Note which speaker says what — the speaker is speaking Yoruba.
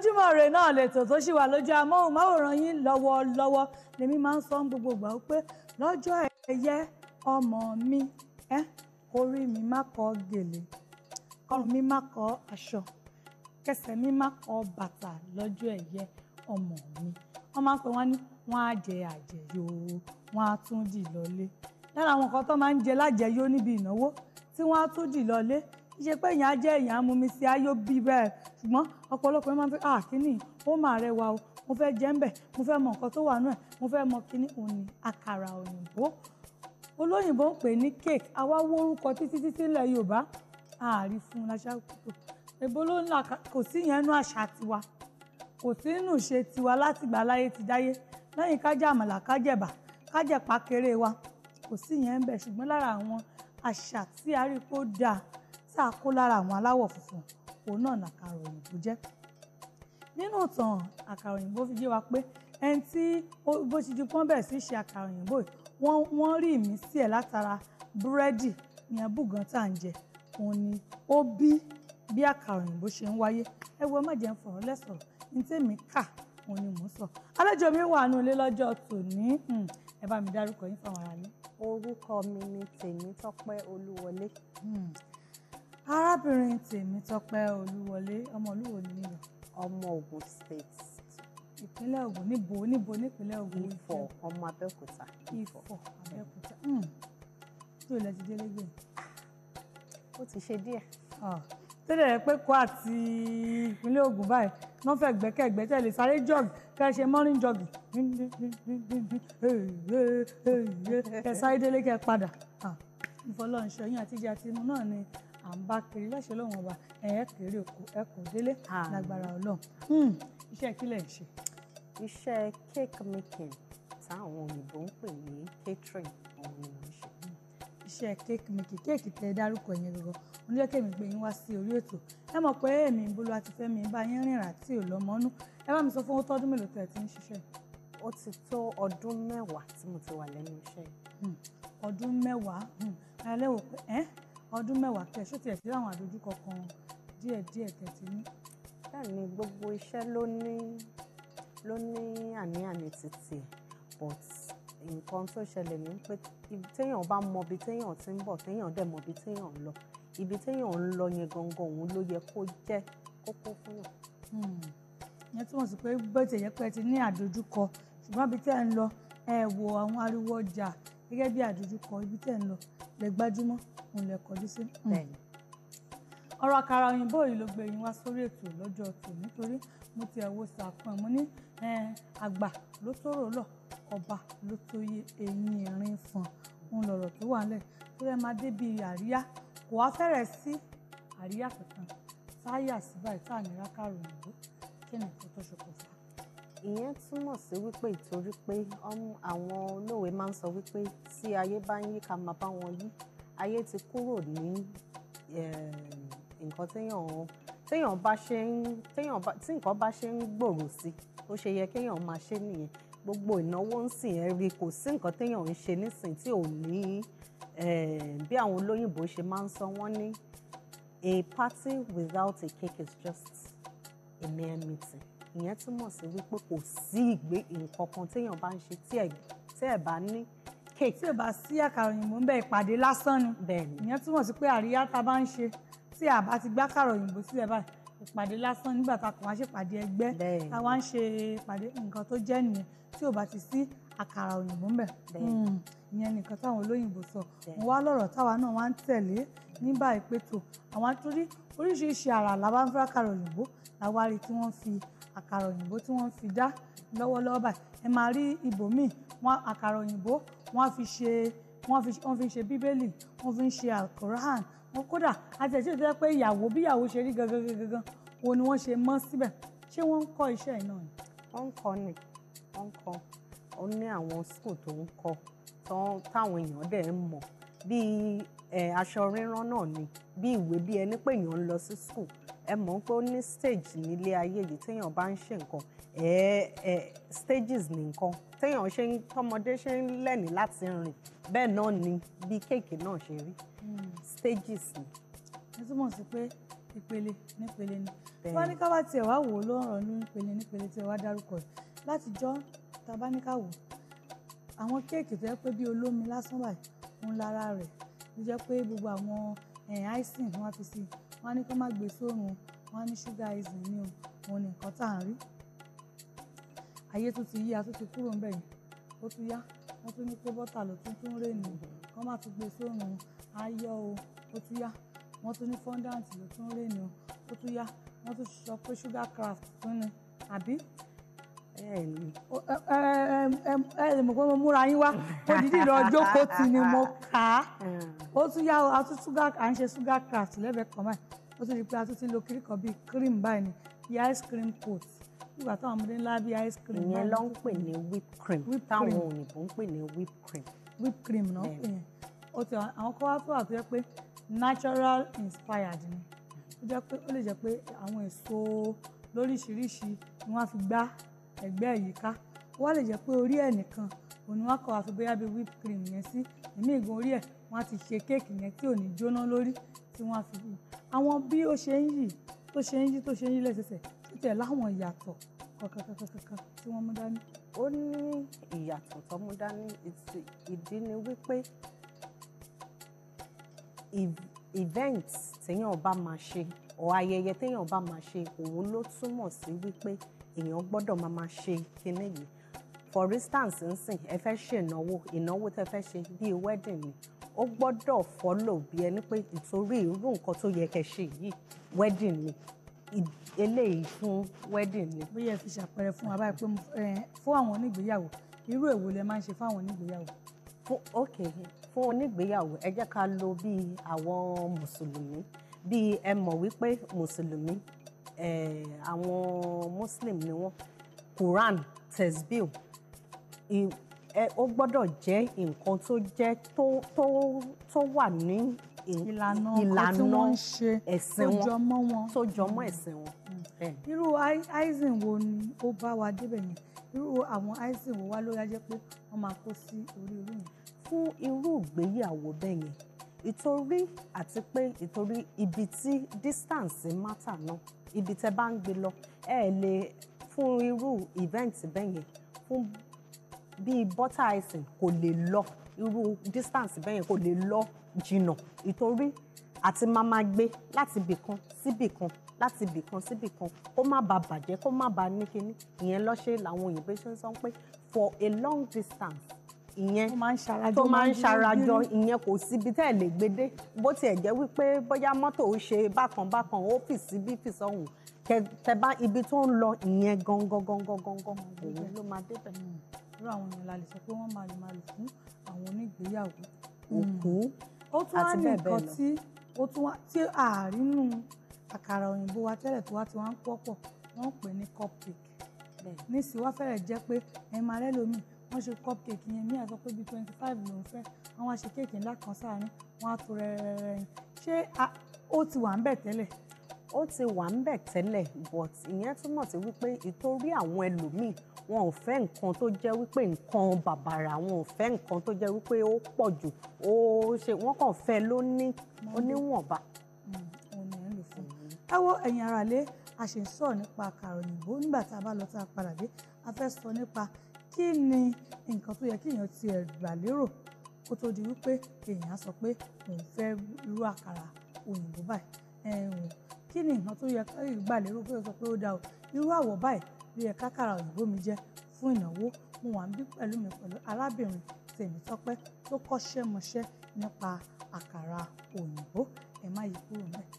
Speaker 1: ojúmọ́ rẹ̀ náà lẹ̀tọ̀ tó ṣì wà lójú amóhùnmáwòrán yín lọ́wọ́lọ́wọ́ lèmi máa ń sọ ń gbogbo gbà pé lọ́jọ́ ẹ̀yẹ ọmọ mi ẹ́ orí mi má kọ gèlè ọrùn mi má kọ aṣọ kẹsẹ̀ mi má kọ bàtà lọ́jọ́ ẹ̀yẹ ọmọ mi wọ́n máa ń pè wọ́n ní wọ́n á jẹ àjẹyó wọ́n á tún dì lọ́lé lára àwọn nǹkan tó máa ń jẹ lájẹyó níbi ìnáwó tí wọ́n á tún dì lọ́lé ṣe pé èèyàn á jẹ́ èèyàn á mumi sí ayọ̀ bí bẹ́ẹ̀ ṣùgbọ́n ọ̀pọ̀lọpọ̀ máa ń fi ah kíní ó mà rẹwà o mo fẹ́ jẹ́ ń bẹ̀ mo fẹ́ mọ nǹkan tó wà nù ẹ̀ mo fẹ́ mọ kíní òní àkàrà òyìnbó olóyìnbó ń pè ní cake àwa wó orúkọ títí títí ilẹ̀ Yorùbá ààrí fún láṣà kúrò èbó ló ń là kò sí yẹn nú àṣà tiwa kò sí nù ṣe tiwa láti gbà láyé ti dáyé lẹ́yìn kájà àmàlà kájẹ̀bà kájẹ̀pá kéré wa kò sí yẹn ń bẹ̀ ṣùgbọ́n lára àwọn àṣà tí a rí kó dáa tá a kó lára àwọn aláwọ̀ funfun òun náà làkàrà òyìnbó jẹ́ nínú ìtàn àkàrà òyìnbó fi yé wa pé ẹni tí bó ti di pọ́n bẹ̀rẹ̀ sí ṣe àkàrà òyìnbó wọ́n wọ́n rí ìmísí ẹ̀ látara búrẹ́dì ní abúgan tá à ń jẹ òun ni ó bí bí àkàrà òyìnbó ṣe ń wáyé ẹ wo má jẹ́ ń fọ̀rọ̀ lẹ́sọ̀rọ̀ ní tèmi kà òun ni mò ń sọ àlejò mi wà nù ilé lọ́jọ́ tòní hmm, ẹ bá mi dárúkọ yín fáwọn ará mi.
Speaker 2: orúkọ mi ni Tèmítọ́pẹ́ Olúwọlé.
Speaker 1: Hmm arábìnrin tèmítọ́pẹ́ olúwọlé ọmọlúwo ni mí ọmọ
Speaker 2: Ògùn state ìpínlẹ̀ Ògùn níbo níbo nípínlẹ̀ Ògùn Ifọ̀ ọmọ Abẹ́òkúta
Speaker 1: Ifọ̀ Abẹ́òkúta tí hmm. o lẹ ti délé gbé. ó ti ṣe díẹ̀. tẹ́lẹ̀ rẹ pé kó àti ìpínlẹ̀ Ògùn báyìí wọ́n fẹ́ gbẹ́kẹ̀gbẹ́ tẹ́ lè sáré jog kẹ́ ẹ ṣe morning jog kẹ́ ẹ sáré délé kẹ́ ẹ padà ìfọlọ́nṣọ́ yín àtijọ́ àti imú náà ni à ń bá kiri lẹ́sẹ̀ lọ́wọ́n ọba ẹ̀ kéré oko ẹ̀ kò délé lágbára ọlọ́run hmm.
Speaker 2: iṣẹ́ kí lẹ̀ ń ṣe. iṣẹ́ cake making táwọn òyìnbó
Speaker 1: ń pè ní catering òun ni mo ń ṣe hmm. iṣẹ́ kéèkì mi kì kéèkì tẹ dárúkọ yẹn gbogbo mo jẹ́ kéèmí pé yín wá sí orí ètò ẹ mọ̀ pé èmi ìbolú àti fẹ́mi bá yín rìnrìn àti ìlọmọ́nú ẹ bá mi sọ fún ó tọ́dún mélòó tẹ̀ tí ń ṣiṣẹ́. ó ti tó ọdún mẹ́wàá tí mo ti wà lẹ́nu iṣẹ́. Hmm. ọdún mẹ́wàá ẹ lẹ́wọ̀ pé ẹ́ ọdún mẹ́wàá kẹ́ ṣó tiẹ̀ sí àwọn àdójúkọ kan díẹ̀díẹ̀ tẹ̀sí ní.
Speaker 2: bẹ́ẹ̀ ni gbogbo iṣẹ́ ló ní ló ní àní-àní títì but nǹkan tó ṣẹlẹ̀ ní pé téèyàn bá mọ ibi téèyàn ti ń bọ̀ téèyàn dẹ̀ mọ ibi téèyàn ń lọ ibi téèyàn ń lọ yẹn gangan òun ló yẹ kó jẹ́ kókó fún yàn.
Speaker 1: Hmm. ìyẹn túmọ̀ sí pé bó ti yẹ pé ẹ ti ní àdójúkọ ṣùgbọ́n ibi tẹ́ ẹ ń lọ ẹ wo àwọn ariwo ọjà gẹ́gẹ́ bí àdójúkọ ibi tẹ́ ń lọ lẹ gbájúmọ́ òun lẹ kọjú sí. Hmm. ọ̀rọ̀ àkàrà òyìnbó yìí ló gbé yín wá sórí ètò lọ́jọ́ tò nítorí mo ti ẹ̀wọ́ sàpọ̀n mo ní àgbà ló tóró lọ ọba ló tó yé eyín irin fún un lọ̀rọ̀ tó wà lẹ̀ tó lẹ́ máa dé àríyá kò wá fẹ́rẹ̀ sí àríyá kankan táyà síbáyìí tá ní rákàrò òyìnbó kí ni kò ṣokùnfà
Speaker 2: ìyẹn túmọ̀ sí wípé ìtorí pé um, àwọn olóòwe máa ń sọ wípé tí ayé bá ń yí ká máa bá wọn yí ayé ti kúrò ní eh, nǹkan téèyàn téèyàn bá ṣe ń téèyàn bá tí nǹkan bá ṣe ń gbòòrò sí ó ṣe yẹ kéèyàn máa ṣe nìyẹn gbogbo ìnáwó ń sìn ẹ rí kò sí nǹkan téèyàn ń ṣe nísìn tí ò ní eh, bí àwọn olóyìnbó ṣe máa ń sọ wọ́n ní a party without a cake is just a mere meeting ìyẹn túmọ̀ sí wípé kò sí ìgbé nǹkan kan téèyàn bá ń ṣe tí ẹ̀
Speaker 1: bá ní cake. tí ò bá sí àkàrà òyìnbó ń bẹ ìpàdé lásán ni bẹ́ẹ̀ni ìyẹn túmọ̀ sí pé àríyá tá a bá ń ṣe tí a bá ti gbá àkàrà òyìnbó sílẹ̀ báyìí ìpàdé lásán nígbà tá a kò wá ṣe ìpàdé ẹgbẹ́ tá a wá ń ṣe ìpàdé nǹkan tó jẹ́ nìyẹn tí ò bá ti sí àkàrà òyìnbó ń bẹ hmm. ìyẹn nìkan táwọn olóyìnbó sọ mo wá lọ́rọ̀ táwa náà wá ń tẹ̀lé ní báyìí àwọn torí oríṣiríṣi àrà làwọn afúrákàrà òyìnbó tí wọ́n fi àkàrà òyìnbó tí wọ́n fi dá lọ́wọ́lọ́wọ́ báyìí ẹ máa rí ibòmíì wọn àkàrà òyìnbó wọ́n fi ṣe wọ́n fi wọ́n fi ṣe bíbélì wọ́n fi ṣe alkoran wọ́n kódà àtẹ̀jẹ́ tó yẹ pé ìyàwó bí ìyàwó ṣe rí gangan gangan wo ni wọ́n ṣe mọ́ síbẹ̀ ṣé wọ́n ń kọ́ iṣẹ́ yìí náà ni. wọ́n ń kọ́ ni wọ́n ń kọ́ ó ní àwọn skul tó
Speaker 2: ń kọ́ táwọn èèyàn dẹ̀ ń mọ̀ bíi aṣọ rírán náà ni bí ìwé bí ẹni pé èèyàn ń lọ sí skul ẹ mọ̀ pé ó ní stage nílé ayé yìí téèyàn bá ń ṣe nǹkan ẹ ẹ stages ní nǹkan téèyàn ṣe ń tọmọdé ṣe ń lẹ́ni láti rìn bẹ́ẹ̀ náà ni bí kéèkì náà ṣe rí hmm. stages ni.
Speaker 1: ẹ túmọ̀ sí pé ìpele nípele ni wọ́n ní ká bá tiẹ̀ wá wò ó lọ́rọ̀ ní ìpele nípele tí ẹ wá dárúkọ ẹ̀ láti jọ́ tá bá ní ká wò àwọn kéèkì tó yẹ pé bí olómi lásán báyìí ń lára rẹ̀ ló jẹ́ pé gbogbo àwọn icing wọ́n fi sí i wọ́n á ní kó má gbé sórun wọ́n á ní ṣúgà icing ní o òun ni nǹkan tá à ń rí ayé tó ti yí a tó ti kúrò ńbẹ̀ yìí ó tún yá wọ́n tún ní pé bọ́tà ló tún tún rè nù kó má tún gbé sórun ayọ̀ o ó tún yá wọ́n tún ní fondant ló tún rè nù ó tún yá wọ́n tún sọ pé sugar craft tún ni àbí ẹ ẹ mọ̀ pé mo múra yín wá odidi lọ jókòó tì ni mo kà á ó tún yá a tún ṣúgà à ń ṣe ṣúgà craft lẹ́bẹ̀ẹ́ kan báyìí ó tún di pé a tún lo kiri kan bíi cream báyìí ni bíi ice cream coat nígbà táwọn ọmọdé ńlá bíi ice cream báyìí. ìyẹn ló ń pè
Speaker 2: ní whip cream táwọn òyìnbó ń pè ní
Speaker 1: whip cream. whip cream náà pè yẹn ó ti àwọn kan wá tó wà tó jẹ́ pé natural inspired ni ó jẹ́ pé ó lè jẹ́ pé àwọn èso lóríṣiríṣi ni wọ́n á fi gbá ẹ̀gbẹ́ yìí ká ó wá lè jẹ́ pé orí ẹ̀ nìkan òní wọn kọ́ wa fi bóyá bíi whipped cream yẹn sí èmi ìgbọ̀n orí ẹ̀ wọ́n á ti ṣe kéèkì yẹn tí ò ní jóná lórí tí wọ́n á fi wù àwọn bí ó ṣe ń yí tó ṣe ń yí tó ṣe ń yí lẹ́sẹsẹ títẹ̀ láwọn ìyàtọ̀ kankankankan tí wọ́n mú dání. ó ní
Speaker 2: ìyàtọ̀ tó mú dání ìdí ni wípé event téèyàn bá máa ṣe ọ ayẹyẹ téèyàn bá máa ṣe òun ló túmọ̀ sí wípé èèyàn gbọ́dọ̀ máa máa ṣe kinní yìí for instance nsìn ẹ fẹ́ ṣe ìnáwó ìnáwó tẹ fẹ́ ṣe bíi wedding ni ó gbọ́dọ̀ follow bí ẹni pé ìtorí
Speaker 1: irú nǹkan tó yẹ kẹ́ ṣe yìí wedding ni eléyìí fún wedding ni. bóyá ẹ fi ṣàpẹẹrẹ fún wa báyìí pé fún àwọn onígbéyàwó irú èwo lẹ máa ń ṣe fún àwọn onígbéyàwó. ok fún onígbéyàwó
Speaker 2: ẹ jẹ́ ká lo bíi àwọn mùsùlùmí bíi ẹ mọ̀ wípé mùsùlùmí àwọn muslim ni wọ́n quran tesbih ó gbọ́dọ̀ jẹ́ nǹkan tó jẹ́ tó tó tó wà ní
Speaker 1: ìlànà ìlànà
Speaker 2: ẹ̀sìn wọn tó jọmọ́ ẹ̀sìn wọn. Hmm.
Speaker 1: irú aisin wo ni ó bá wa débẹ̀ yẹn irú àwọn aisin wo wá ló yá jẹ́ pé wọ́n máa kó sí orí irú yẹn. fún irú
Speaker 2: ìgbéyàwó bẹ́ẹ̀ yẹn ìtorí àti pé ìtorí ibi tí distance matter náà ibi tẹ́ bá ń gbé lọ ẹ lè fún irú event bẹ́ẹ̀ yẹn fún bíi butter icing kò lè lọ irú distance bẹ́yẹn kò lè lọ jìnnà ìtorí àti máa máa gbé láti ibì kan síbì kan láti ibì kan síbì kan kó má bàa bàjẹ́ kó má bàa ní kinní ìyẹn lọ́ṣẹ́ làwọn òyìnbó ṣe ń sọ pé for a long distance ìyẹn tó máa ń ṣarajọ ìyẹn kò síbi tẹ́ ẹ̀ lè gbé dé bó tiẹ̀ jẹ́ wípé bóyá mọ́tò ó ṣe bákan bákan ó fì síbí fì sọ́hùn tẹ bá ibi tó ń lọ ìyẹn gangan gangan gangan òun ló
Speaker 1: máa débẹ̀. irú àwọn èèyàn la lè sọ pé wọ́n máa lè máa lè fún àwọn onígbéyàwó. òkú hmm. àti bẹ́ẹ̀ bẹ́ẹ̀ lọ. ó tún wá tí àárínú àkàrà òyìnbó wa tẹ́lẹ̀ tó wá ti wá ń pọ̀ pọ̀ wọ́n pè ní cupcake. nísìnyí wá fẹ́rẹ̀ jẹ́ pé ẹ máa rẹ́ lómi wọ́n ṣe cupcake yẹn ní àsọ pé bíi twenty five ló ń fẹ́ wọ́n wá ṣe kéèkì ńlá kan sáà ní wọ́n á tó rẹ́rẹ́rẹ́rẹ́ yẹn ṣé
Speaker 2: ó ti wà ń bẹ̀ tẹ́lẹ̀ ó ti wà ń bẹ̀ tẹ́lẹ̀ but ìyẹn túmọ̀ sí wípé ìtorí àwọn ẹlòmíì wọn ò fẹ́ nǹkan tó jẹ́ wípé nǹkan bàbàrà wọn ò fẹ́ nǹkan tó jẹ́ wípé ó pọ̀ jù ó ṣe wọ́n kàn fẹ́ ló ní oníwọ̀nba.
Speaker 1: ẹ wo ẹ̀yin ara lé a ṣe ń sọ̀rọ̀ nípa àkàrà nígbà tá a bá lọ tá a padà dé a fẹ́ sọ nípa kí ni nǹkan tó yẹ kí èèyàn ti gbà lérò kó tó di wípé èèyàn sọ pé òun fẹ́ irú àkàrà òyìnbó báyìí kí ni nǹkan tó yẹ ká gbà lérò pé ó sọ pé ó dáa o irú àwọ̀ báyìí ló yẹ kákàrà òyìnbó mi jẹ́ fún ìnáwó mo wà níbí pẹ̀lú mi pẹ̀lú arábìnrin Tèmítọ́pẹ́ tó kọ́ṣẹ́ nípa àkàrà òyìnbó ẹ má yí kúrò níbẹ̀.